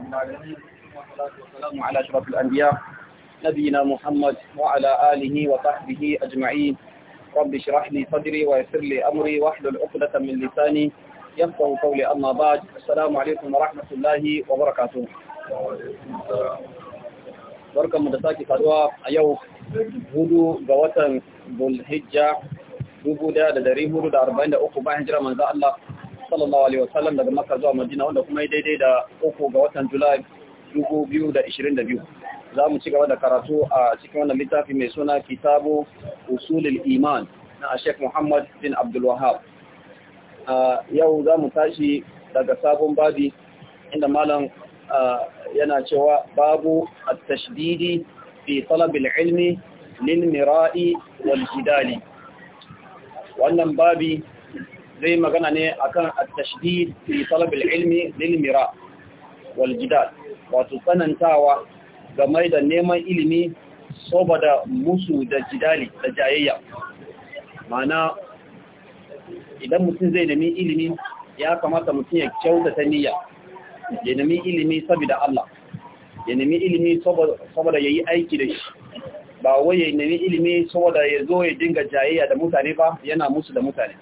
رب العالمين والصلاة والسلام على أشرف الأنبياء نبينا محمد وعلى آله وصحبه أجمعين رب اشرح لي صدري ويسر لي أمري واحلل عقدة من لساني يفقه قولي أما بعد السلام عليكم ورحمة الله وبركاته barkan mu da sake faruwa a yau hudu ga watan Dhul Hijja 1443 bayan jira manzo Allah sallallahu alaihi wasallam daga Makka zuwa Madina wanda kuma daidai da uku ga watan Julai 2022 za mu ci gaba da karatu a cikin wannan littafi mai suna Kitabu Usulul Iman na Sheikh Muhammad bin Abdul Wahhab yau za mu tashi daga sabon babi inda malam yana cewa babu at-tashdidi fi talab ilmi lil mira'i wal jidali wannan babi zai magana ne a kan tashidi fi talab ilmi lilmira waljidal wato tsanantawa game da neman ilimi saboda musu da jidali da jayayya mana idan mutum zai nemi ilimi ya kamata mutum ya kyautata niyya ya nemi ilimi saboda Allah ya nemi ilimi saboda ya yi aiki da shi ba wai ya nemi ilimi saboda ya zo ya dinga jayayya da mutane ba yana musu da mutane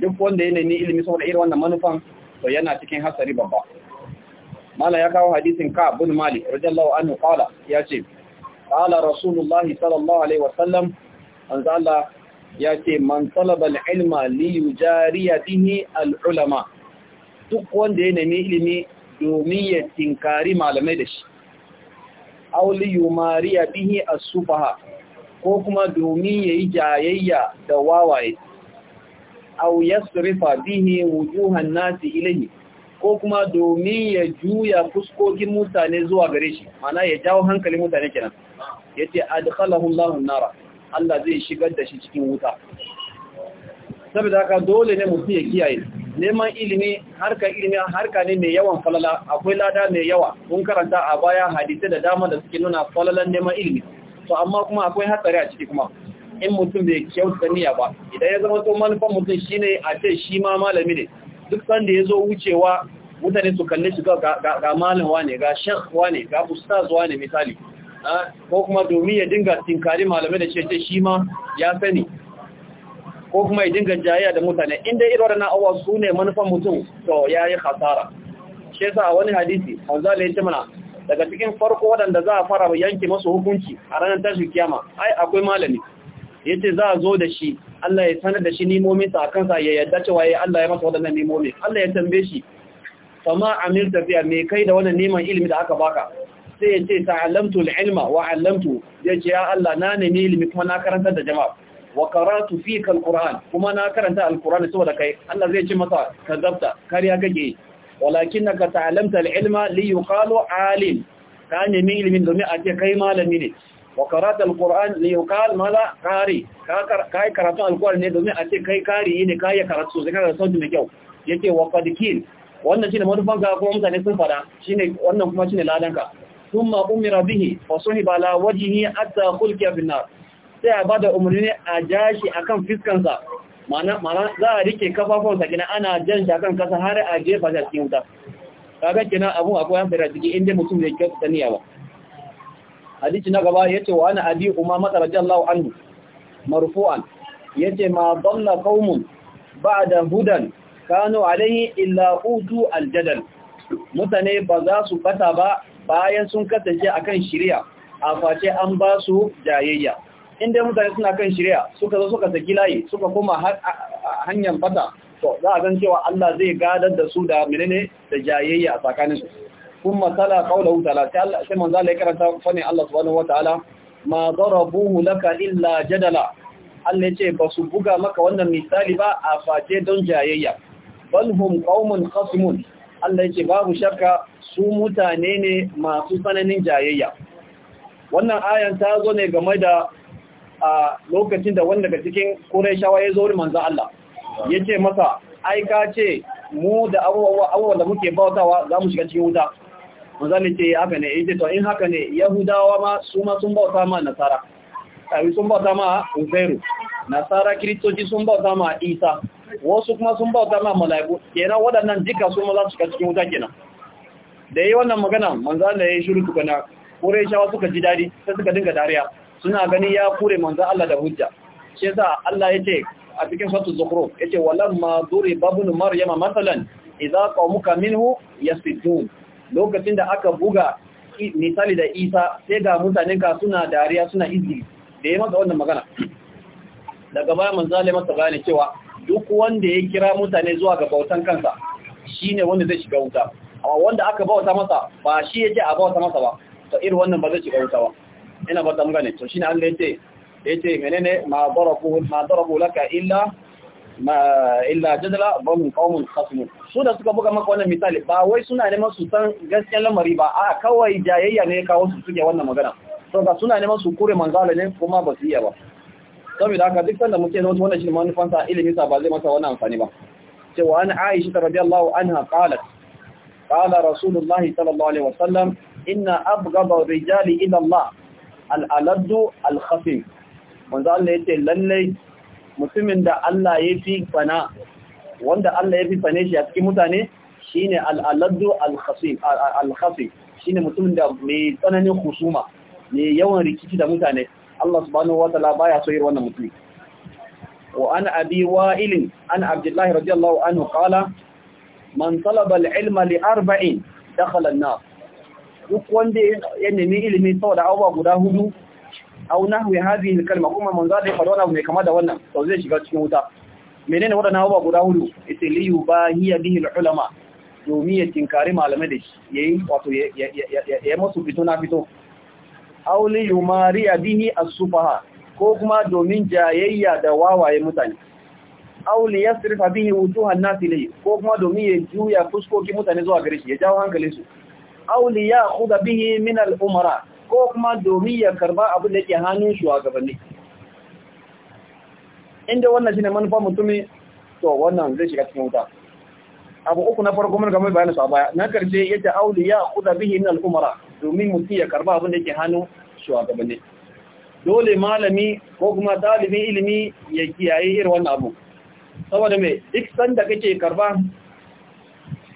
duk wanda yana ni ilimi saboda irin wannan manufan to yana cikin hasari babba mala ya kawo hadisin ka bin mali radiyallahu anhu qala ya ce qala rasulullah sallallahu alaihi wasallam manzo ya ce man talaba alilma li yujariya bihi duk wanda ya nemi ilimi domin ya tinkari malamai da shi aw li yumariya bihi as-sufaha ko kuma domin yayi jayayya da wawaye aw yasrifa bihi wujuhan nasi ilayhi ko kuma domin ya juya fuskokin mutane zuwa gare shi mana ya jawo hankalin mutane kenan yace adkhalahu Allahu nara Allah zai shigar da shi cikin wuta saboda haka dole ne mutum ya kiyaye neman ilimi harka ilimi harka ne mai yawan falala akwai lada mai yawa mun karanta a baya hadisi da dama da suke nuna falalan neman ilimi to amma kuma akwai hatsari a ciki kuma in mutum bai kyauta niyya ba idan ya zama to manufan mutum shine a ce shi ma malami ne duk sanda ya zo wucewa mutane su kalle shi ga malam ne, ga shekh wane ga ustaz wane misali ah, ko kuma domin ya dinga tinkari malami da ce shi ma ya sani ko kuma ya dinga jayayya da mutane inda irin wannan awa su ne manufan mutum to ya yi hasara shi yasa a wani hadisi hanzala ya ce mana daga cikin farko waɗanda za a fara yanke masu hukunci a ranar tashin kiyama ai akwai malami yace za a zo da shi Allah ya sanar da shi nimomin sa akan sa ya yadda cewa yayi eh, Allah ya masa wadannan nimomi Allah ya tambaye shi fama amir tafiya me kai da wannan neman ilimi da aka baka sai yace ce ta'allamtu al-ilma wa 'allamtu yace ya Allah na ne ilimi kuma na karanta da jama'a wa karatu fika alquran kuma na karanta alquran saboda kai Allah zai ce masa kazabta kariya kake walakinaka ta'lamta alilma li yuqalu alim ka nemi ilimin domin a ce kai malami ne wa karatu alquran li yuqal mala qari kai karatu alquran ne domin a ce kai kari ne kai ya karatu sai kana sauti mai kyau yake wa qadikin wannan shine manufan ka kuma mutane sun fada shine wannan kuma shine ladan ka thumma umira bihi fa suhiba la wajhihi hatta khulqiya bin nar sai a bada umarni a jashi akan fiskan sa mana za a rike kafafon sa kina ana jan shi akan kasa har a jefa shi cikin wuta kaga kina abun akwai an fara ciki inda mutum bai kyauta niyawa hadisi na gaba yace wa ana abi umama radiyallahu anhu marfu'an yace ma dalla qaumun ba'da hudan kanu alaihi illa utu aljadal mutane ba za su bata ba bayan sun kasance akan shari'a a face an ba su jayayya inda mutane suna kan shari'a suka zo suka saki layi suka koma hanyar bata to za a gan cewa Allah zai gadar da su da menene da jayayya a tsakaninsu ثم تلا قوله تعالى sai قال لك ان فني fani سبحانه وتعالى ما ma لك laka illa jadala Allah ya ce buga maka wannan misali ba a fate don jayayya balhum qaumun khasmun Allah yake babu shakka su mutane ne masu tsananin jayayya wannan ayan ta zo ne game da a lokacin da wanda daga cikin Qurayshawa ya zo manzo Allah yace masa ai ka ce mu da abubuwa da muke bautawa zamu shiga cikin wuta manzali ce haka ne yace to in haka ne yahudawa ma su ma sun bauta ma nasara kai sun bauta ma uzairu nasara kristoci sun bauta ma isa wasu kuma sun bauta ma malaiku kenan waɗannan duka su ma za su cikin wuta kenan da yi wannan magana manzali ya yi shiru tukuna shawa suka ji dadi sai suka dinga dariya suna gani ya kure manzo Allah da hujja shi yasa Allah yace a cikin suratul zukhruf yace walamma duri ibn maryama masalan idza qawmuka minhu yasfidun lokacin da aka buga misali da isa sai ga mutanen ka suna dariya suna izini da ya masa wannan magana daga baya manzo masa bayani cewa duk wanda ya kira mutane zuwa ga bautan kansa shine wanda zai shiga wuta amma wanda aka bauta masa ba shi yake a bauta masa ba to irin wannan ba zai shiga wuta ba ina ba ta mun to shine Allah yace yace menene ma darabu ma laka illa illa jadala bamun qaumun khasmun su da suka buga maka wannan misali ba wai suna neman su san gaskiyar lamari ba a kawai jayayya ne kawo su suke wannan magana to ga suna neman su kure manzala ne kuma ba su iya ba saboda haka duk sanda muke zama wannan shi manufan sa ilimi sa ba zai masa wannan amfani ba cewa an Aisha radiyallahu anha qalat qala rasulullahi sallallahu alaihi wasallam inna abghadha rijali ila Allah al-aladdu al khafi. manzo ne yace lallai mutumin da Allah ya fi fana wanda Allah ya fi fane shi a cikin mutane shine al'aladdu al-khasi shine mutumin da mai tsananin husuma mai yawan rikici da mutane Allah subhanahu wa baya so yin wannan mutum wa an abi wa'il an abdullah radiyallahu anhu qala man talaba al-ilma li arba'in dakhala an-nar duk wanda ya nemi ilimi saboda abubuwa guda hudu au nahwi hadhihi al-kalma kuma manzo da faɗa wannan mai kama da wannan to zai shiga cikin wuta menene wadannan abubuwa guda hudu ita li yubahiya bihi al domin ya tinkari malamai da shi yayi wato ya masu fito na fito aw li yumariya bihi as-sufaha ko kuma domin jayayya da wawaye mutane aw li yasrifa bihi wujuhan nas ilayhi ko kuma domin ya juya fuskoki mutane zuwa gare shi ya jawo su. aw li ya'khudha bihi min al-umara ko kuma domin ya karba abin da ke hannun shugabanni inda wannan shine manufa mutumi to wannan zai shiga cikin wuta abu uku na farko mun ga mai bayani su a baya na karshe yace auli ya khuda bihi min al-umara domin mutum ya karba abin da yake hannun shugabanni dole malami ko kuma dalibin ilimi ya kiyaye irin wannan abu saboda me duk sanda kake karba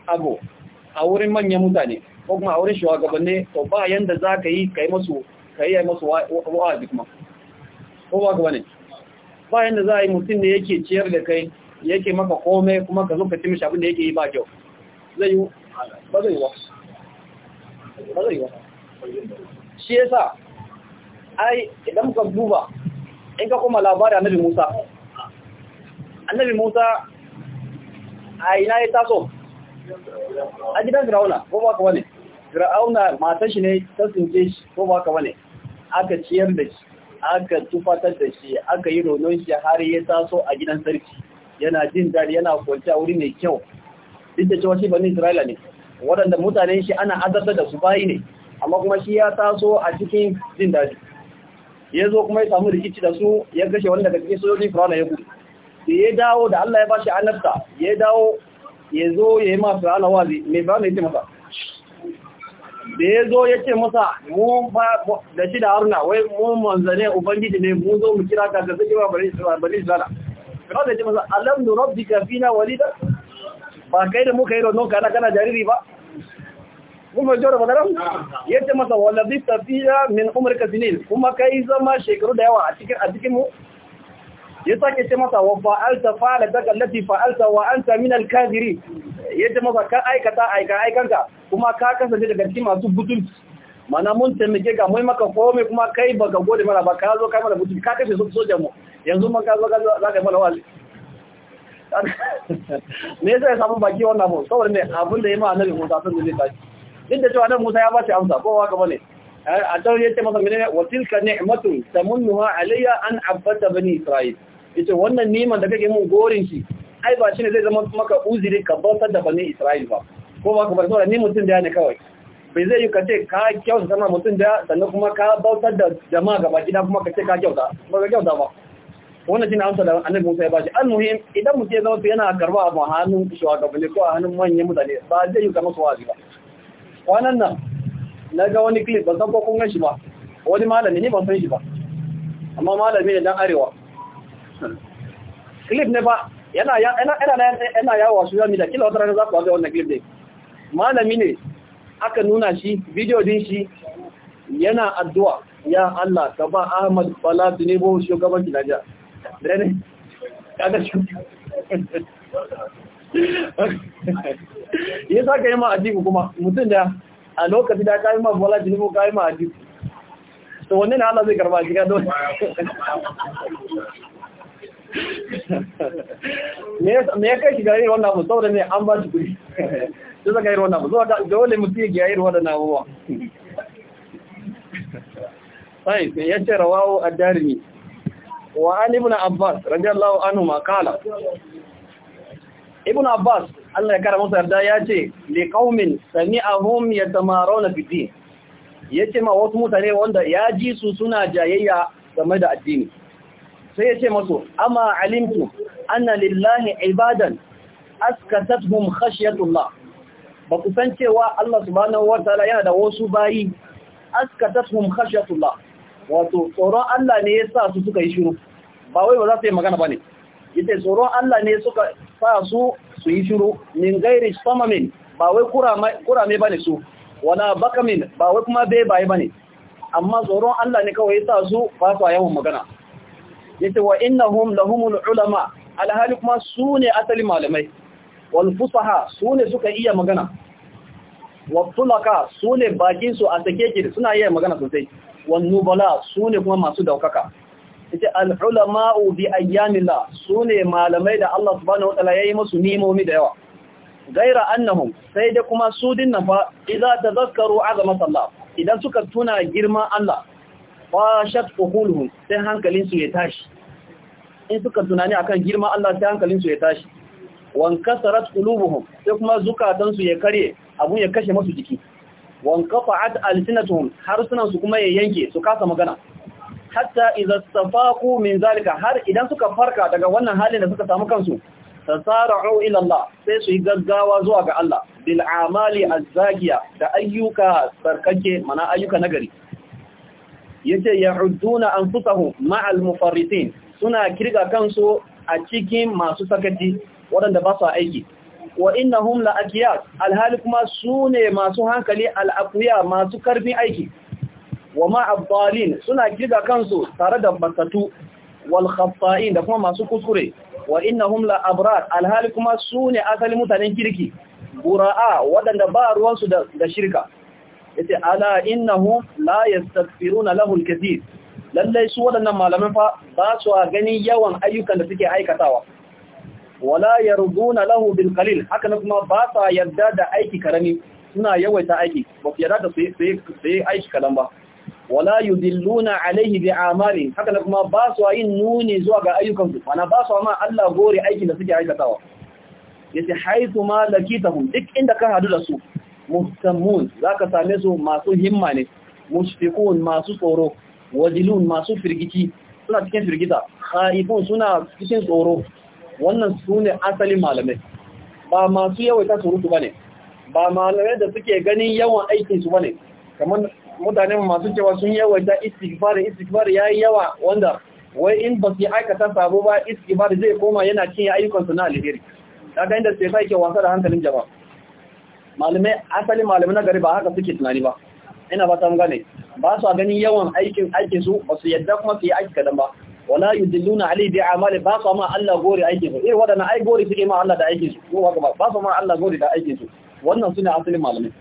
abu a wurin manyan mutane ko kuma a wurin shugabanni to ba yanda za ka yi ka yi masu masu wa'azi kuma ko ba gaba ne ba yanda za a yi mutum ne yake ciyar da kai yake maka kome kuma ka zo ka timishi abin da yake yi ba kyau zai yi ba zai yi ba ba zai yi ba shi yasa ai idan ka duba in ka kuma labarin annabi musa annabi musa a ina ya taso a gidan firauna ko ba ka wani fir'auna matar shi ne ta sinke shi ko ba ka bane aka ciyar da shi aka tufatar da shi aka yi ronon shi har ya taso a gidan sarki yana jin daɗi yana kwanci a wuri mai kyau duk da cewa shi bani isra'ila ne waɗanda mutanen shi ana azabtar da su bayi ne amma kuma shi ya taso a cikin jin daɗi ya zo kuma ya samu rikici da su ya kashe wanda daga cikin sojojin fir'auna ya gudu da ya dawo da Allah ya bashi annabta ya dawo ya zo ya yi ma fir'auna wazi mai ba mai ce masa da ya zo ya ce masa mu da shi da haruna wai mu manzane ubangiji ne mu zo mu kira ka ga zai ba bari zala kuma da ce masa alam nu rabbika fina walida ba kai da muka yi ronon kana kana jariri ba kuma da magana ya ce masa walabi tafiya min umarka sinin kuma kai zama shekaru da yawa a cikin a cikin mu ya sake ce masa wa fa'alta fa'alta daga lati fa'alta wa anta min al-kadiri yadda masa ka aikata aika aikanka kuma ka kasance daga cikin masu butulci mana mun taimake ga mai maka kome kuma kai baka gode mana ba ka zo kai mana butulci ka kashe sojan mu yanzu man ka zo ka za ka yi mana wali me yasa ya samu baki wannan mu saboda ne abin da ya ma annabi Musa sun zai tashi duk da cewa nan Musa ya ba shi amsa kowa ka bane eh, a tawar yace masa menene wa tilka ni'matu tamunnuha alayya an abada bani isra'il ita wannan niman da kake mun gorin shi ai ba shi ne zai zama maka uziri ka bautar da bane Isra'ila ba ko ba ka bar saboda ni mutum da ne kawai bai zai yi ka ce ka kyauta sama mutum da sannan kuma ka bautar da jama'a gaba gida kuma ka ce ka kyauta ba ka kyauta ba wannan shine amsa da annabi Musa ya bashi almuhim idan mutum ya zama yana karba a hannun shugabanni ko a hannun manyan mutane ba zai yi kamar su wazi ba kwanan nan na ga wani clip ba san ko kun shi ba wani malami ne ban san shi ba amma malami ne dan arewa clip ne ba yana yana yawo su da kila wata rana za ku ga wannan clip din malami ne aka nuna shi video din shi yana addu'a ya Allah ka ba Ahmad Bala Tinubu shugabanci da ne kada shi sa ka yi ma ajiku kuma mutum da a lokaci da ka yi ma Bala Tinubu ka yi ma ajiku to wannan Allah zai karba shi ka don me ya kai shi ga irin wannan abu saboda ne an ba shi kuɗi sai saka irin wannan abu saboda dole mutu ya gyayi ruwa da namuwa. sai ya ce rawawo a darimi wa an ibn abbas radiyallahu anhu ma kala ibn abbas Allah ya kara masa yarda ya ce li qaumin sami'ahum yatamaruna fi din yace ma wasu mutane wanda ya ji su suna jayayya game da addini sai ya ce masu amma alimtu ana lillahi ibadan askatathum khashyatullah ba ku san cewa Allah subhanahu wataala yana da wasu bayi askatathum khashyatullah wato tsoron Allah ne ya sa su suka yi shiru ba wai ba za su yi magana ba ne? Ita tsoron Allah ne suka sa su su yi shiru min gairi samamin ba wai kurame bane su wana bakamin ba wai kuma bai bane amma tsoron Allah ne kawai sa su ba su yawan magana yace wa innahum lahumul ulama alhali kuma sune asali malamai wal fusaha sune suka iya magana wa sune bakin su a sake suna iya magana sosai wan nubala sune kuma masu daukaka yace al ulama bi ayyamillah sune malamai da Allah subhanahu wataala yayi musu nimomi da yawa gaira annahum sai da kuma su dinnan fa idza tazakkaru azamata Allah idan suka tuna girman Allah fashat uquluhum sai hankalin su ya tashi in suka tunani akan girman Allah sai hankalin su ya tashi wan kasarat qulubuhum sai kuma zukatan su ya kare abun ya kashe musu jiki wan qafa'at alsinatuhum harsunan su kuma ya yanke su kasa magana hatta idza safaqu min zalika har idan suka farka daga wannan halin da suka samu kansu tasara'u ila Allah sai su yi gaggawa zuwa ga Allah bil amali azzagiya da ayyuka sarkake mana ayyuka nagari yace ya'uduna anfusahum ma'al mufarritin suna kirga kansu a cikin masu sakaci waɗanda ba su aiki wa innahum la akiya alhali kuma sune masu hankali al masu karfin aiki wa ma suna kirga kansu tare da batatu wal da kuma masu kuskure wa innahum la abrar alhali kuma sune asalin mutanen kirki bura'a waɗanda ba ruwansu da shirka yace ala innahum la yastaghfiruna lahu alkathir lallai su waɗannan malaman fa ba su a gani yawan ayyukan da suke aikatawa wala yarduna lahu bil qalil haka kuma ba su yarda da aiki karami suna yawaita aiki ba su yarda da su yi aiki kalan ba wala yudilluna alayhi bi amali haka na kuma ba su yin nuni zuwa ga ayyukan su mana ba su ma Allah gore aikin da suke aikatawa yace haythu ma lakitahum duk inda ka hadu da su za ka same su masu himma ne mushfiqun masu tsoro wajilun masu firgici suna cikin firgita haifun suna cikin tsoro wannan su ne asalin malamai ba masu yawaita surutu ba ne. ba malamai da suke ganin yawan aikinsu su ne. kamar mutane masu cewa sun yawaita istighfar ya yi yawa wanda wai in ba su aikata sabo ba istighfar zai koma yana cin ayyukansu na alheri kaga inda sai sai ke wasa da hankalin jama'a malamai asali malamai na gari ba haka suke tunani ba ina ba ta gane ba su ganin yawan aikin aikin su ba su yadda kuma su yi aiki kadan ba wala yudilluna ali bi amali ba su ma Allah gori aikin su irin wadana ai gori suke ma Allah da aikin su ko ba ba su ma Allah gori da aikin su wannan sune asalin malamai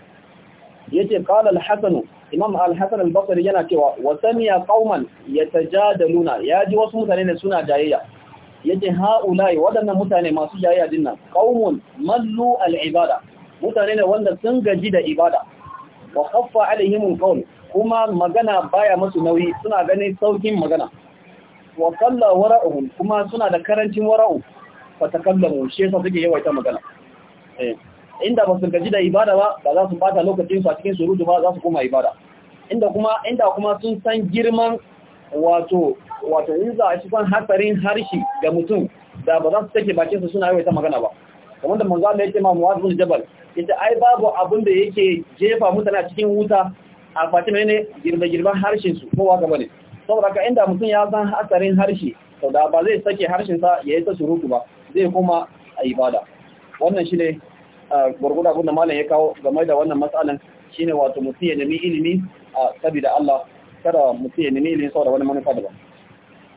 yace qala al-hasan imam al-hasan al-basri yana cewa wa samiya qauman yatajadaluna yaji wasu mutane ne suna jayayya yace haulai wadannan mutane masu jayayya dinnan qaumun mallu al-ibada mutane ne wanda sun gaji da ibada wa khaffa alaihim alqawl kuma magana baya musu nauyi suna ganin saukin magana wa qalla wara'uhum kuma suna da karancin wara'u fa takallamu shi yasa suke yawaita magana eh inda ba su gaji da ibada ba ba za su bata lokacin su a cikin surutu ba za su koma ibada inda kuma inda kuma sun san girman wato wato in za a cikin hatsarin harshe ga mutum da ba za su take bakin su suna yawaita magana ba kamar da manzo Allah ya ce ma Mu'adh Jabal inda ai babu abin da yake jefa mutane cikin wuta a fatima ne girbe-girben harshen su kowa gaba ne saboda ka inda mutum ya san hatsarin harshe sau da ba zai sake harshen sa ya yi ta surutu ba zai koma a ibada wannan shi ne gwargwada abin da malam ya kawo game da wannan matsalan shine wato mutum ya nemi ilimi a sabida Allah kada mutum ya nemi ilimi saboda wani manufa daban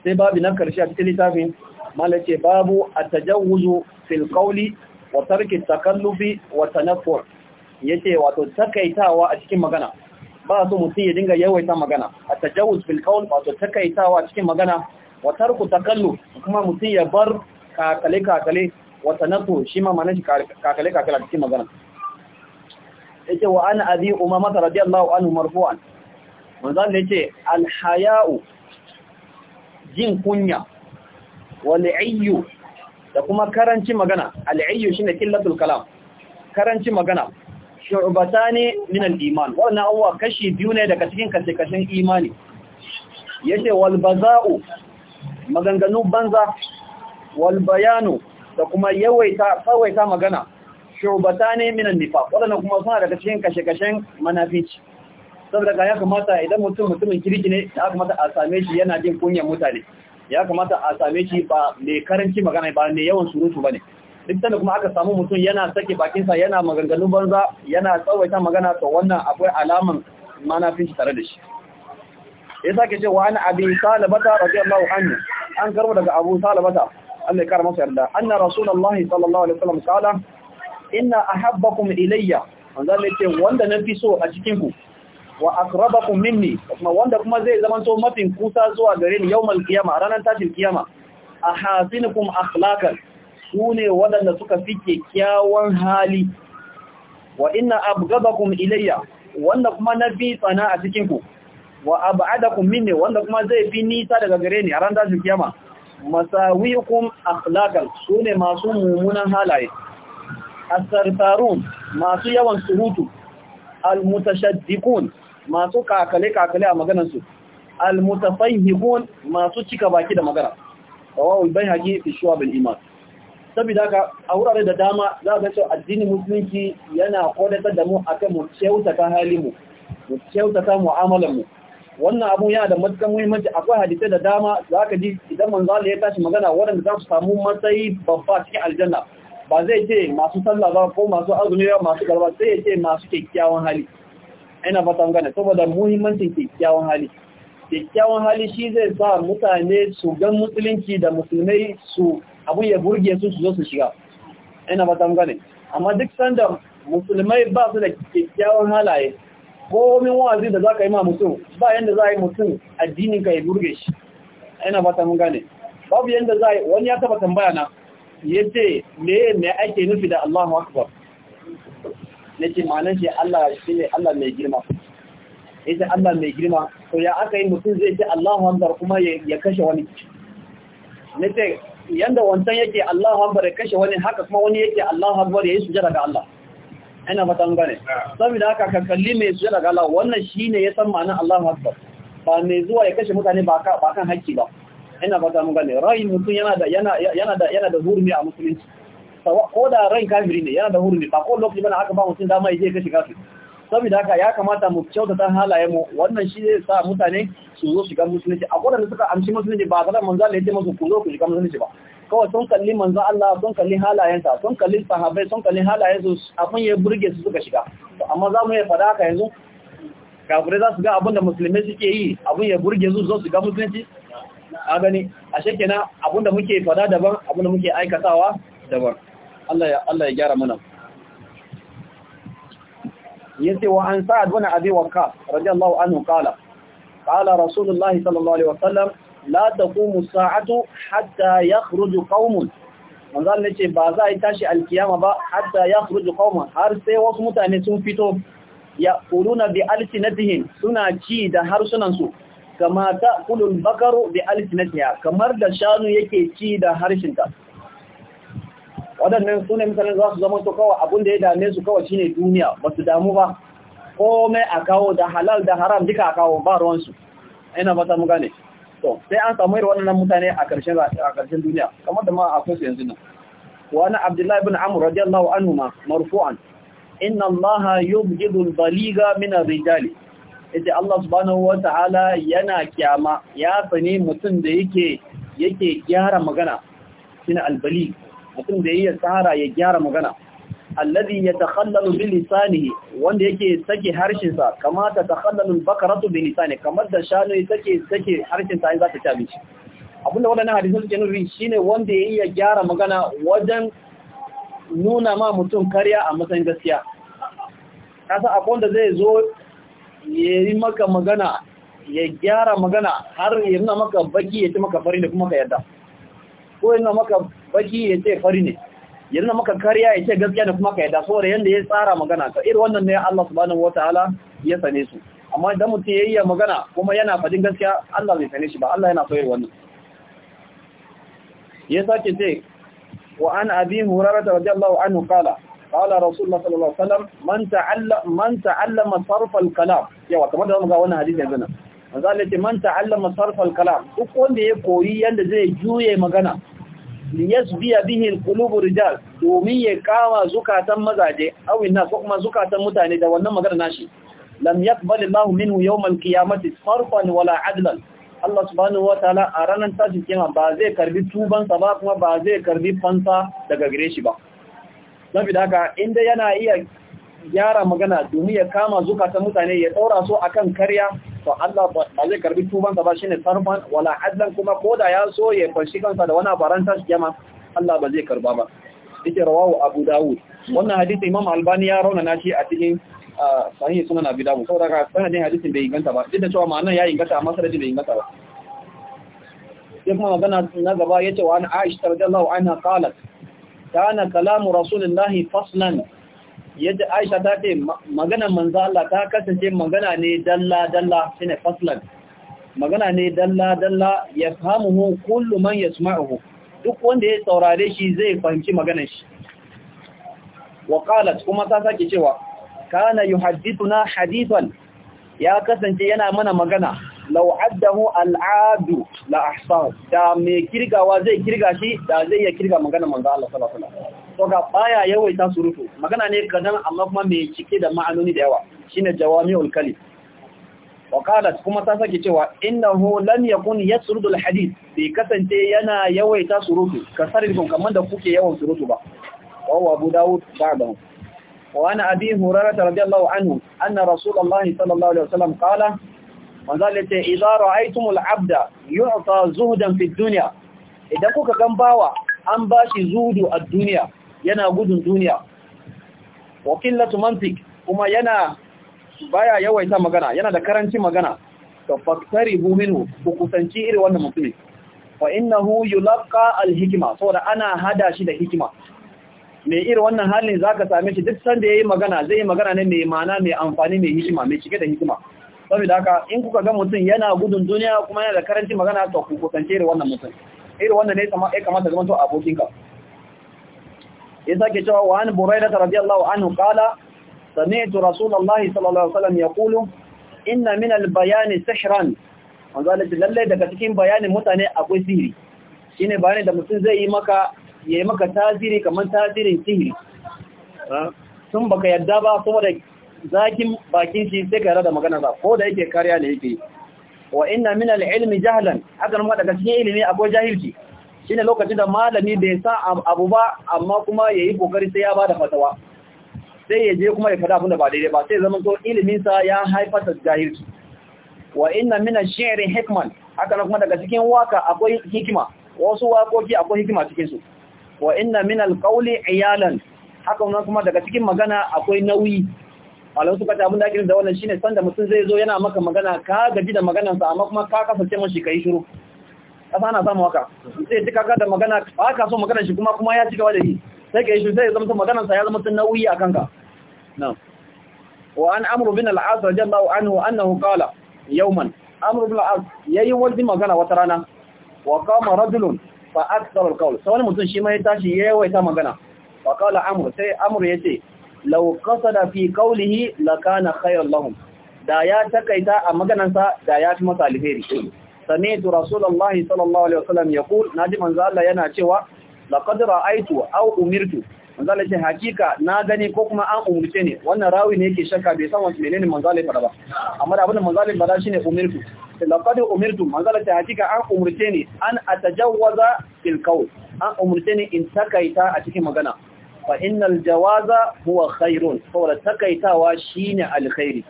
sai babu na karshe a cikin littafin malam ce babu a tajawuzu fil qawli wa tarki takallufi wa tanaffur yace wato takaitawa a cikin magana ba su mutum ya dinga yawaita magana a tajawuz fil qawl wato takaitawa a cikin magana wa tarku kuma mutum ya bar kakale kakale wa tanaffu shi ma manashi kakale kakale a cikin magana yace wa ana abi umama radiyallahu anhu marfu'an manzon yace al haya'u jin kunya wal ayyu da kuma karanci magana al'ayyu shine qillatul kalam karanci magana shu'batani min al-iman wannan abuwa kashi biyu ne daga cikin kashe kacen imani yace wal baza'u maganganu banza wal bayanu da kuma yawaita tsawaita magana shu'batani min al nifaq wannan kuma suna daga cikin kashe-kashe kacen manafici saboda ga ya kamata idan mutum mutumin kirki ne ya kamata a same shi yana jin kunyar mutane ya kamata a same shi ba mai karanci magana ba ne yawan surutu ba ne, duk da kuma aka samu mutum yana sake bakinsa yana maganganun banza yana tsawaita magana to wannan akwai alaman manafin shi tare da shi ya sake ce wa ana abin salabata radiyallahu anhu an karbo daga abu salabata Allah ya kara masa yarda anna rasulullahi sallallahu alaihi wasallam qala inna ahabbakum ilayya wanda ne ce wanda nafi so a cikin ku wa aqrabakum minni kuma wanda kuma zai zama to mafin kusa zuwa gare ni yawmal qiyama ranar tashin kiyama ahasinukum akhlaqan sune wadanda suka fike kyawun hali wa inna abghadakum ilayya wanda kuma nabi tsana a cikin ku wa ab'adakum minni wanda kuma zai fi nisa daga gare ni a tashin kiyama masawikum akhlaqan sune masu mumunan halaye asartarun masu yawan surutu al-mutashaddiqun masu kakale-kakale a maganansu almutafahihun masu cika baki da magana bai bayhaqi fi shu'abul iman saboda ka a wurare da dama za ka ce addinin musulunci yana kodatar da mu akan mu ta halimu mu kyautata mu'amalar mu wannan abun yana da matakan muhimmanci akwai haditai da dama za ka ji idan manzo Allah ya tashi magana waɗanda za su samu matsayi babba cikin aljanna ba zai ce masu sallah ba ko masu azumi ba masu galaba sai ya ce masu kyakkyawan hali ina fata gane saboda muhimmancin kyakkyawan hali kyakkyawan hali shi zai sa mutane su gan musulunci da musulmai su abu ya burge su su zo su shiga ina fata gane amma duk sanda musulmai ba su da kyakkyawan halaye komin wazi da za ka yi ma mutum ba yadda za a yi mutum addinin ka ya burge shi ina fata gane babu yadda za a yi wani ya taba tambaya na ya ce me me ake nufi da Allahu Akbar nace ma'anar shi Allah ne Allah mai girma yace Allah mai girma to ya aka yi mutum zai ce Allahu akbar kuma ya kashe wani nace yanda wancan yake Allahu akbar ya kashe wani haka kuma wani yake Allahu akbar ya yi sujada ga Allah ina fatan gane saboda haka ka kalli mai sujada ga Allah wannan shine ya san ma'anar Allahu akbar ba mai zuwa ya kashe mutane ba kan haƙƙi ba ina fata mun gane ra'ayin mutum yana da yana yana da yana da hurmi a musulunci ko da ran kafiri ne yana da hurumi ba ko lokaci bane haka ba mutum dama yaje kashi kafiri saboda haka ya kamata mu kyautata halayen mu wannan shi zai sa mutane su zo shiga musulunci a kodan suka amshi musulunci ba zan manzo Allah ya ce musu ku zo ku shiga musulunci ba kawai sun kalli manzo Allah sun kalli halayensa sun kalli sahabbai sun kalli halayen su abin ya burge su suka shiga amma za mu iya fada haka yanzu kafirai za su ga abin da musulmai suke yi abin ya burge su zo su ga musulunci a gani a shekina abin da muke fada daban abin da muke aikatawa daban Allah ya gyara mana yace wa an sa'ad bin abi waqqas radiyallahu anhu qala qala rasulullah sallallahu alaihi wasallam la taqumu saatu hatta yakhruju qaumun manzal nace ba za a tashi alkiyama ba hatta yakhruju qauman har sai wasu mutane sun fito ya quluna bi alsinatihim suna ci da harsunan su kama ta kulul bakaru bi alsinatiha kamar da shanu yake ci da harshinta waɗannan sune misalin za su zama to kawai abin da ya dame su kawai shine duniya ba su damu ba komai a kawo da halal da haram duka a kawo ba ruwansu ina ba samu gane to sai an samu irin waɗannan mutane a ƙarshen a ƙarshen duniya kamar da ma akwai kusa yanzu nan wa ana abdullahi ibn amr radiyallahu anhu ma marfu'an inna allaha yubjidu al-baliga min ar-rijali yace Allah subhanahu wata'ala yana kiyama ya sani mutum da yake yake gyara magana shine albali mutum da yayin tsara ya gyara magana ya yatakhallalu bi lisanihi wanda yake sake harshen sa kama ta takhallalu bakaratu bi lisani kamar da shanu yake sake harshen sa in za ta ci abinci abinda wannan hadisan suke nufi shine wanda yayin ya gyara magana wajen nuna ma mutum kariya a matsayin gaskiya kasa akwai wanda zai zo yi maka magana ya gyara magana har ya nuna maka baki ya ci maka farin da kuma ka yarda ko yana maka baki ya ce fari ne yana maka kariya ya ce gaskiya da kuma ka yadda saboda yanda ya tsara magana ka irin wannan ne Allah subhanahu wataala ya sane su amma idan mutum ya yi magana kuma yana fadin gaskiya Allah zai sane shi ba Allah yana koyar wannan ya sake ce wa an abi hurara radiyallahu anhu qala qala rasulullah sallallahu alaihi wasallam man ta'allama man ta'allama yawa kamar da muka wannan hadisi yanzu nan manzo Allah ya man ta'allama sarf kalam duk wanda ya koyi yanda zai juye magana liyasbiya bihi alqulubur rijal domin ya kama zukatan mazaje aw inna ko kuma zukatan mutane da wannan magana nashi lam yaqbal Allahu minhu yawm alqiyamati sarfan wala adlan Allah subhanahu ta'ala a ranar tashin kiyama ba zai karbi tuban sa ba kuma ba zai karbi fansa daga gare shi ba saboda haka inda yana iya gyara magana domin ya kama zukatan mutane ya daura su akan karya to Allah ba zai karbi tuban ba shine sarfan wala adlan kuma koda ya so ya fashi kansa da wani baranta shi jama Allah ba zai karba ba yake rawahu Abu Dawud wannan hadisi Imam Albani ya rauna nashi a cikin sahih sunan Abu Dawud saboda ka sanadin hadisin bai inganta ba duk da cewa ma'anar ya inganta amma sanadin bai inganta ba sai kuma magana na gaba yace wa an Aisha radiyallahu anha qalat kana kalamu rasulillahi faslan yadda Aisha ta ce magana manzo Allah ta kasance magana ne dalla dalla shine faslan magana ne dalla dalla ya fahimu kullu man yasma'uhu duk wanda ya saurare shi zai fahimci maganar shi wa kuma ta sake cewa kana na hadithan ya kasance yana mana magana lau'addahu al'adu la ahsan da mai kirgawa zai kirga shi da zai iya kirga magana manzo Allah sallallahu alaihi wasallam to ga baya yawaita surutu magana ne kadan amma kuma mai cike da ma'anoni da yawa shine jawami'ul kalim wa qalat kuma ta sake cewa innahu lam yakun yasrudul hadith bi kasance yana yawaita surutu kasarikum kaman da kuke yawan surutu ba wa Abu Dawud ba'dahu wa ana abi hurairah radiyallahu anhu anna rasulullahi sallallahu alaihi wasallam qala manzala ce idza aitumul abda yu'ta zuhdan fi dunya idan kuka gan bawa an bashi zuhdu a duniya yana gudun duniya wa qillatu mantiq kuma yana baya yawaita magana yana da karanci magana to bu minhu ku kusanci irin wannan mutumin fa innahu yulaqa al-hikma saboda ana hada shi da hikima mai irin wannan halin zaka same shi duk sanda yayi magana zai yi magana ne mai ma'ana mai amfani mai hikima mai cike da hikima saboda haka in kuka ga mutum yana gudun duniya kuma yana da karanci magana to ku kusance irin wannan mutum irin wannan ne ya kamata zama to abokin ka ya sake cewa wa an buraida radiyallahu anhu qala sami'tu rasulullahi sallallahu alaihi wasallam yaqulu inna min al-bayani sihran manzo Allah lalle daga cikin bayanin mutane akwai sihiri shine bayanin da mutum zai yi maka yayi maka tasiri kamar tasirin sihiri sun baka yadda ba saboda zakin bakin shi sai ka rada magana ba ko da yake kariya ne yake wa inna min al-ilmi jahlan hakan ma daga cikin ilimi akwai jahilci shine lokacin da malami bai sa abu ba amma kuma yayi kokari sai ya bada fatawa sai ya je kuma ya fada abin da ba daidai ba sai zaman to ilimin sa ya haifar da jahilci wa inna min ash-shi'ri hikman hakan kuma daga cikin waka akwai hikima wasu wakoki akwai hikima cikin su wa inna min al-qawli iyalan hakan kuma daga cikin magana akwai nauyi malamu suka ce abin da ake da wannan shine sanda mutum zai zo yana maka magana ka gaji da sa amma kuma ka kasance mashi ka yi shiru kasa ana samu haka sai ji kaga da magana ba ka so maganar shi kuma kuma ya ci gaba da yi sai ka yi shi sai ya zama sa ya zama tun nauyi a kanka na'am wa an amru bin al-as radiyallahu anhu annahu qala yawman amru bin al-as yayi wani magana wata rana wa qama rajulun fa akthara al-qawl sai wani mutum shi mai ya tashi yayi wata magana fa qala amru sai amru yace law qasada fi qawlihi lakana khayran lahum da ya takaita a maganansa da ya fi masa alheri sami'tu rasulullahi sallallahu alaihi wasallam yaqul naji manzo Allah yana cewa laqad ra'aytu aw umirtu manzo Allah ce hakika na gani ko kuma an umurce ne wannan rawi ne yake shakka bai san wani menene manzo Allah fara ba amma da abin manzo Allah fara shine umirtu laqad umirtu manzo Allah ce hakika an umurce ne an atajawwaza fil qawl an umurce ne in takaita a cikin magana fa innal jawaza huwa khairun saboda takaitawa shine alkhairi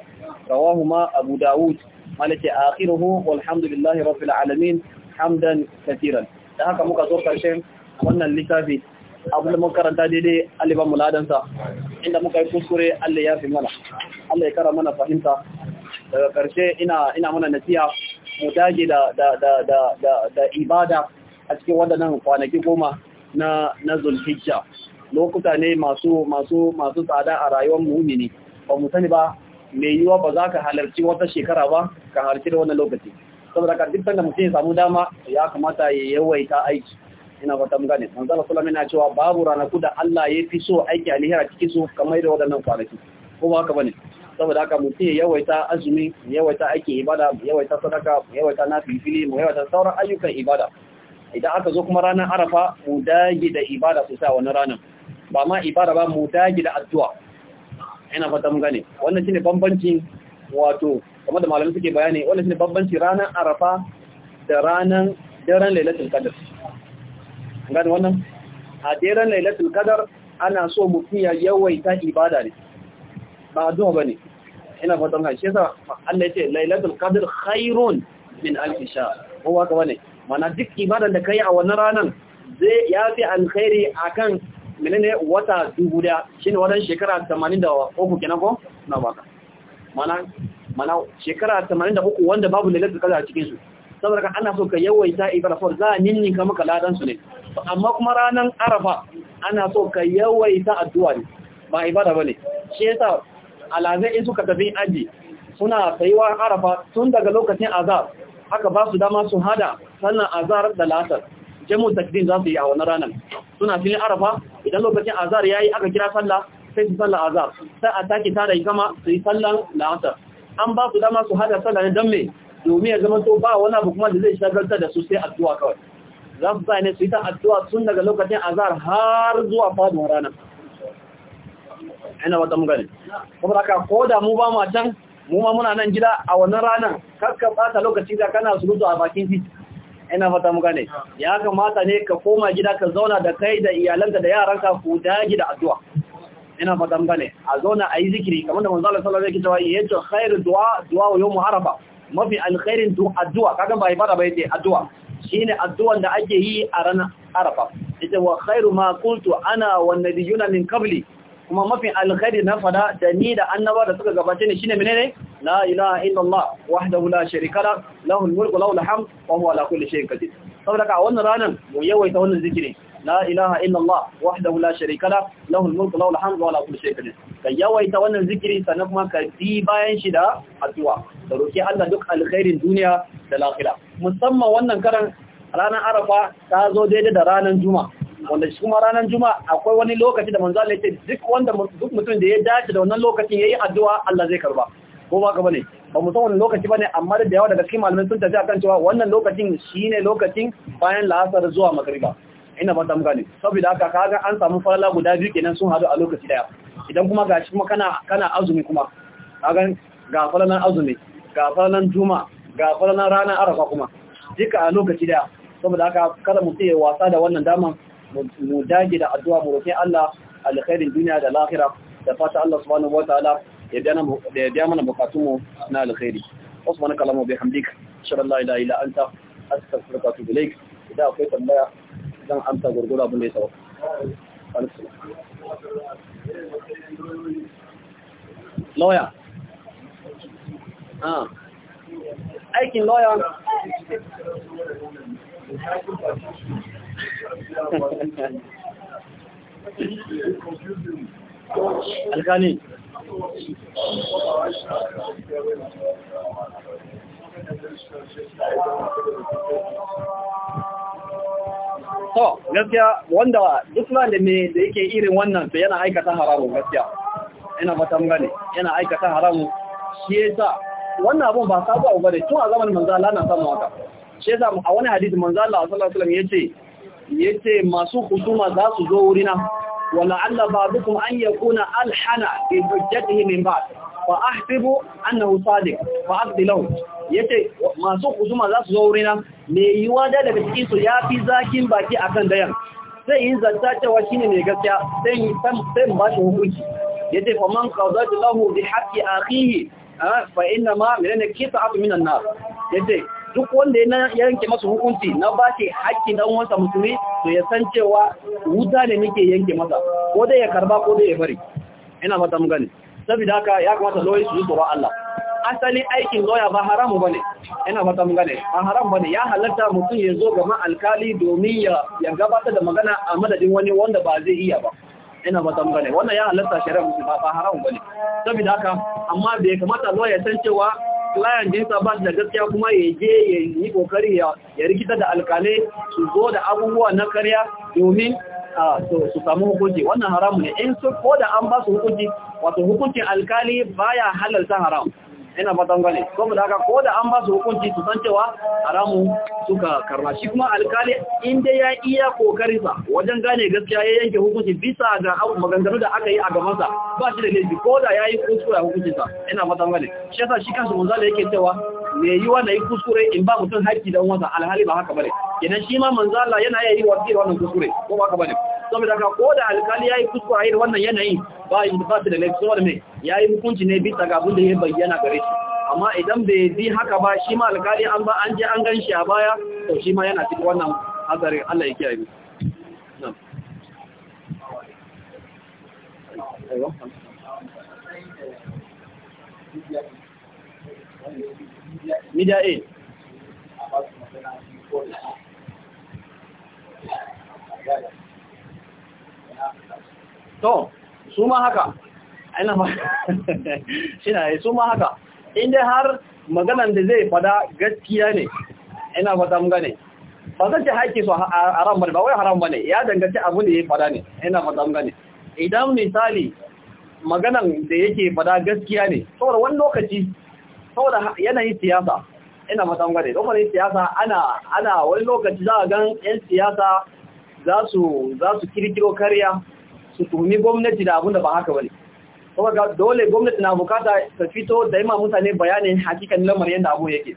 rawahu ma abu daud malaka akhiruhu walhamdulillahi rabbil alamin hamdan katiran da haka muka zo karshe wannan littafi abin da makaranta daidai aliban muladansa inda muka yi kuskure Allah ya fi mana Allah ya kara mana fahimta daga karshe ina ina mana nasiya mu dage da da ibada a cikin waɗannan kwanaki goma na na hijja. lokuta ne masu masu masu tsada a rayuwar mu'mini ba mu sani ba mai yiwa ba za ka halarci wata shekara ba ka halarci da wannan lokaci saboda ka duk da mutum ya samu dama ya kamata ya yawaita aiki ina fata mun gane manzo Allah sallallahu alaihi cewa babu ranaku da Allah ya fi so aiki alhira cikin su kamar da wadannan kwanaki ko ba haka bane saboda haka mutum ya yawaita azumi yawaita aiki ibada yawaita sadaka yawaita nafili mu yawaita sauran ayyukan ibada idan aka zo kuma ranar arafa mu dage da ibada sosai a wannan ranar ba ma ibada ba mu dage da addu'a ina fata mun gane wannan shine bambancin wato kamar da malamai suke bayani wannan shine bambanci ranar arafa da ranar daren lailatul qadr gane wannan a daren lailatul qadr ana so mu fiya yawaita ibada ne ba addu'a bane ina fata mun gane shi yasa Allah ya ce lailatul qadr khairun min alf shahr kowa ka bane mana duk ibadan da kai a wannan ranan zai yafi alkhairi akan menene wata dubu da ne wadannan shekara 83 kenan ko na baka mana mana shekara 83 wanda babu lalata kaza a cikin su saboda kan ana so ka yawaita ibrahim za a ka maka ladan su ne amma kuma ranan arafa ana so ka yawaita addu'a ne ba ibada bane shi yasa alazai in suka tafi aji suna tsayuwa arafa tun daga lokacin azar aka ba su dama su hada sannan azar da latar jamus takdin za su yi a wani ranar suna filin arafa idan lokacin azar ya yi aka kira sallah sai su sallah azar sai a take tada gama su yi sallan la'asar an ba su dama su hada sallah ne don me domin ya zama to ba wani abu kuma da zai shagaltar da su sai addu'a kawai za su sai ne su yi ta addu'a tun daga lokacin azar har zuwa faduwar rana ina wata kuma da ko da mu ba a can mu ma muna nan gida a wannan ranar kakka bata lokacin da kana surutu a bakin titi ina fata muka ne ya kamata ne ka koma gida ka zauna da kai da iyalanka da yaranka ku daji da addu'a ina fata muka ne a zauna a yi zikiri kamar da manzala sallallahu alaihi wasallam yake cewa khairu du'a du'a yawm mafi alkhairin addu'a kaga ba ibada ba yace addu'a shine addu'an da ake yi a ranar arafa ita wa khairu ma qultu ana wa nabiyuna min qabli kuma mafi alkhairi na fada da ni da annaba da suka gabace ni shine menene لا إله إلا الله وحده لا شريك له له الملك وله الحمد وهو على كل شيء قدير saboda a wannan ranar mu yawaita wannan zikiri la ilaha illallah wahdahu la sharika la lahul mulku lahul hamdu wa la kulli shay'in ka yawaita wannan zikiri sannan kuma ka bi bayan shi da addu'a da roki Allah duk alkhairin duniya da lafiya musamman wannan karan ranar Arafa ta zo daidai da ranar Juma. wanda shi kuma ranar Juma akwai wani lokaci da manzo Allah ya ce duk wanda duk mutum da ya dace da wannan lokacin yayi addu'a Allah zai karba ko ba ka bane ba mu tsawon lokaci lokaci bane amma da yawa daga cikin malamai sun tafi kan cewa wannan lokacin ne lokacin bayan la'asar zuwa magriba ina ba ta gane saboda haka kaga an samu falala guda biyu kenan sun hadu a lokaci daya idan kuma gashi kuma kana kana azumi kuma kaga ga falalan azumi ga falalan juma ga falalan ranar arafa kuma duka a lokaci daya saboda haka kada mu tsaye wasa da wannan daman mu dage da addu'a mu roƙi Allah alkhairin duniya da lahira da fata Allah subhanahu wataala da ya biya mana bukatunmu na alkhairi wasu wani kalamu bai hamdik shirin la ila ila anta askar surkatu da lake idan akwai tambaya zan amsa gurgura abin da ya sawa lawyer aikin lawyer alkali to gaskiya wanda duk malami da yake irin wannan to yana aikata haramu gaskiya ina fatan gane yana aikata haramu shi yasa wannan abun ba sabu abu bane tun a zamanin manzo Allah na samu haka shi yasa a wani hadisi manzo Allah sallallahu alaihi wasallam yace yace masu kusuma za su zo wurina ولعل بعضكم أن يكون ألحن في حجته من بعد فأحسب أنه صادق فأقضي له yace masu kusuma za su zo wurina me yiwa da daga cikin su yafi zakin baki kan dayan sai yin zanta cewa shine mai gaskiya sai sai ba shi hukunci yace fa man qadatu lahu bi haqqi akhihi fa inna ma min kita'at min an-nar yace duk wanda ya yanke masa hukunci na ba ke haƙƙi dan wasa musulmi to ya san cewa wuta ne nike yanke masa ko dai ya karba ko dai ya bari ina mata mun gani saboda haka ya kamata lawyer su tsoro Allah asali aikin lawyer ba haramu bane ina mata mun gani ba haramu bane ya halatta mutum ya zo ma alkali domin ya ya gabatar da magana a madadin wani wanda ba zai iya ba ina mata mun gani wannan ya halatta shari'a musulma ba haramu bane saboda haka amma bai kamata lawyer san cewa client jinsa ba da gaskiya kuma ya je ya yi kokari ya rikita da alkalai su zo da abubuwa na karya domin su samu hukunci wannan haramu ne in su ko da an ba su hukunci wato hukuncin alkali baya halarta haramu ina matan gane da haka ko da an ba su hukunci su san cewa haramu suka karba shi kuma alkali dai ya iya sa wajen gane gaskiya ya yanke hukunci bisa ga maganganu da aka yi a gabansa ba shi da laifi ko da ya yi kuskure sa. ina matan gane shi yasa shi kansu manzala yake cewa me yi wa na yi kuskure in ba mutum haƙƙi da wasa alhali ba haka bane kenan shi ma manzala yana iya yi wa wannan kuskure ko ba haka bane saboda daga ko da alkali yayi a irin wannan yanayin ba in ba da mai ya yayi hukunci ne bisa ga abin da ya bayyana gare shi amma idan bai bi haka ba shi ma alkali an ba an je an gan shi a baya to shi ma yana cikin wannan hatsarin Allah ya kiyaye Yeah. to su ma haka ina ma shina su ma haka inda har maganan da zai fada gaskiya ne ina ba zan gane ba zan ce haƙƙi su haram bane ba wai haram bane ya danganci abu da ya fada ne ina ba zan gane idan misali maganan da yake fada gaskiya ne saboda wani lokaci saboda yanayin siyasa ina ba zan gane lokacin siyasa ana ana wani lokaci za a gan yan siyasa za su za su kirkiro karya su tuhumi gwamnati da abin da ba haka bane kuma ga dole gwamnati na bukata ta fito da ima mutane bayanin hakikan lamarin yadda abu yake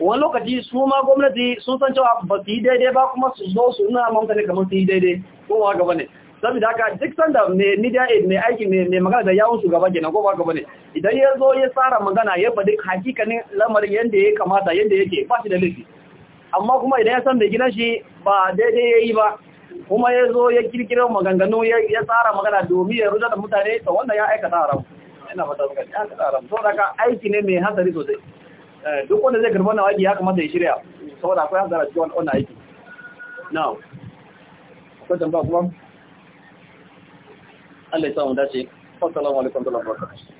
wani lokaci su ma gwamnati sun san cewa ba su yi daidai ba kuma su zo su nuna ma mutane kamar su yi daidai ko ba gaba ne saboda haka duk sanda mai media aid mai aiki mai magana da yawun shugaba kenan ko ba gaba ne idan ya zo ya tsara magana ya faɗi hakikanin lamarin yadda ya kamata yadda yake ba shi da laifi amma kuma idan ya san mai gidan shi ba daidai ya yi ba kuma ya zo ya kirkiro maganganu ya tsara magana domin ya rujar da mutane ta wanda ya aikata haram ina fata maka ya aikata haram so ka aiki ne mai hasari sosai eh, duk wanda zai karɓi na aiki ya kamata ya shirya saboda akwai hasara cikin wannan aiki now akwai tambaya kuma Allah ya samu dace assalamu alaikum wa rahmatullahi